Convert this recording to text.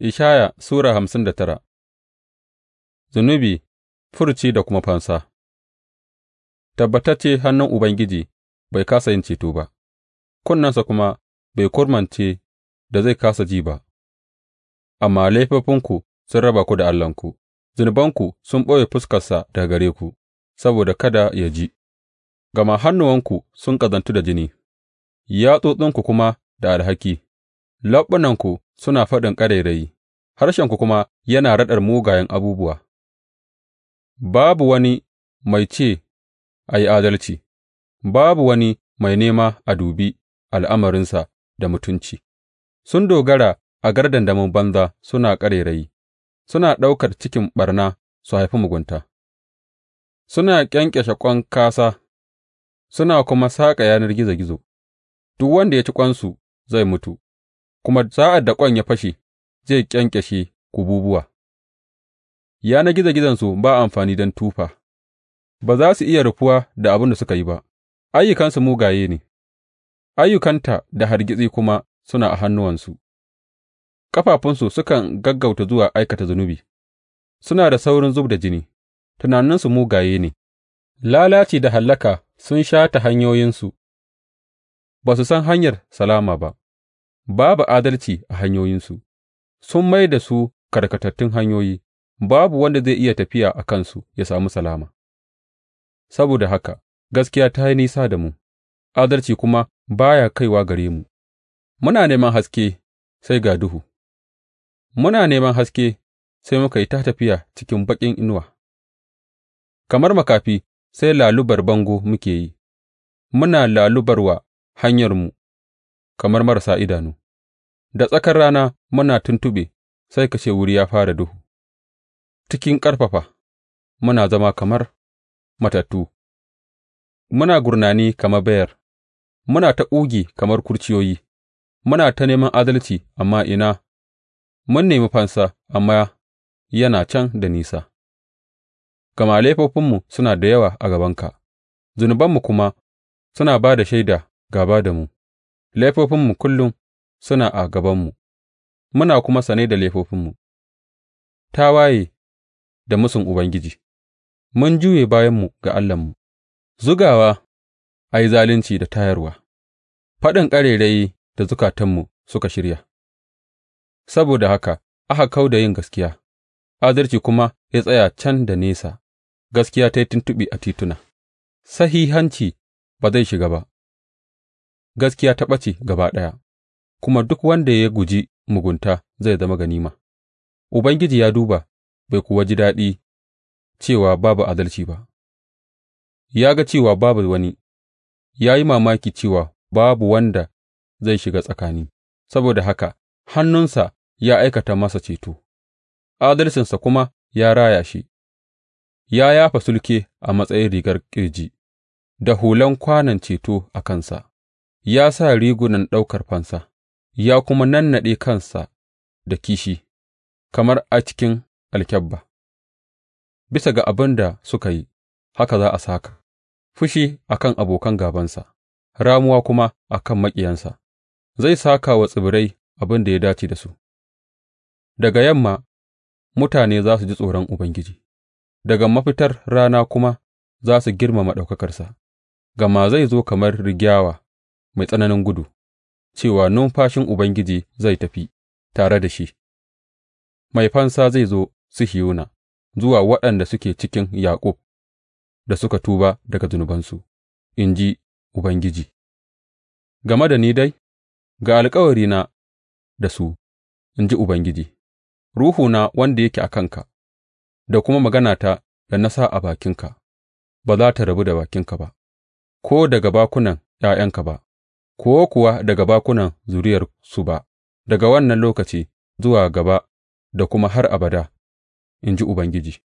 Ishaya Sura hamsin da tara Zunubi, furci da kuma fansa Tabbatacce hannun Ubangiji bai kasa yin ceto ba, kunnensa kuma bai kurmance da zai kasa ji ba, amma laifofinku sun raba ku da Allahnku, zunubanku sun ɓoye fuskarsa daga gare ku, saboda kada ya ji, gama hannuwanku sun ƙazantu da jini, yatsotsinku kuma da alhaki. leɓunanku suna faɗin ƙarairayi, harshenku kuma yana raɗar mugayen abubuwa; babu wani mai ce a yi adalci, babu wani mai nema a dubi al'amarinsa da mutunci; sun dogara a gardandamin banza suna ƙarairayi, suna ɗaukar cikin ɓarna su haifi mugunta, suna ƙyanƙyashe ƙwan kasa suna kuma saƙa yanar gizo gizo; duk wanda ya ci ƙwansu zai mutu. kuma sa'ad da ƙwan ya fashe, zai ƙyanƙyashe kububuwa; yanar gizo gizonsu ba amfani don tufa, ba za su iya rufuwa da abin da suka yi ba, ayyukansu mugaye ne, ayyukanta da hargitsi kuma suna a hannuwansu, ƙafafunsu sukan gaggauta zuwa aikata zunubi, suna da saurin zub da jini, tunaninsu mugaye ne, lalaci da hallaka sun sha shata hanyoyinsu, ba su san hanyar salama ba. babu adalci a hanyoyinsu, sun mai da su karkatattun hanyoyi, babu wanda zai iya tafiya a kansu ya sami salama. Saboda haka gaskiya ta yi nisa da mu, adalci kuma ba ya kaiwa gare mu, muna neman haske sai ga duhu, muna neman haske sai muka yi ta tafiya cikin baƙin inuwa, kamar makafi sai lalubar bango muke yi, muna lalubar wa hanyarmu kamar marasa idanu; da tsakar rana muna tuntuɓe sai ka ce wuri ya fara duhu, cikin ƙarfafa muna zama kamar matattu, muna gurnani kamar bayar. muna ta ƙugi kamar kurciyoyi, muna ta neman adalci amma ina, mun nemi fansa amma yana can da nisa, gama laifofinmu suna da yawa a gabanka zunubanmu kuma suna ba da shaida gaba da mu. Laifofinmu kullum suna a gabanmu, muna kuma sane da laifofinmu, tawaye da mūsun Ubangiji; mun juye bayanmu ga Allahnmu, zugawa a yi zalunci da tayarwa, faɗin ƙarairayi da zukatanmu suka shirya; saboda haka aka kau da yin gaskiya, adalci kuma ya tsaya can da nesa; gaskiya ta yi tuntuɓi a tituna, sahihanci ba zai shiga ba. gaskiya ta ɓace gaba ɗaya, kuma duk wanda ya guji mugunta zai zama ganima; Ubangiji ya duba bai kuwa ji daɗi cewa babu adalci ba, ya ga cewa babu wani, ya yi mamaki cewa babu wanda zai shiga tsakani, saboda haka hannunsa ya aikata masa ceto, adalcinsa kuma ya raya shi, ya yafa sulke a matsayin rigar ƙirji da hulan kwanon ceto a kansa. ya sa rigunan ɗaukar fansa ya kuma nannaɗe kansa da kishi kamar a cikin alkyabba; bisa ga abin da suka yi, haka za a saka. fushi a kan abokan gābansa, ramuwa kuma a kan maƙiyansa; zai sāka wa tsibirai abin da ya dace da su, daga yamma mutane za su ji tsoron Ubangiji, daga mafitar rana kuma za su girmama ɗaukakarsa, gama zai zo kamar rigyawa. mai tsananin gudu, cewa numfashin Ubangiji zai tafi tare da shi, mai fansa zai zo Sihiyona, zuwa waɗanda suke cikin Yaƙub da suka tuba daga zunubansu, in ji Ubangiji. Game da ni dai, ga alkawarina da su, in ji Ubangiji, Ruhuna wanda yake a kanka, da kuma maganata da na sa a bakinka, ba za ta rabu da bakinka ba, ko daga bakunan ’ya'yanka ba. ko kuwa daga bakunan zuriyarsu ba, daga wannan lokaci zuwa gaba da kuma har abada, in ji Ubangiji.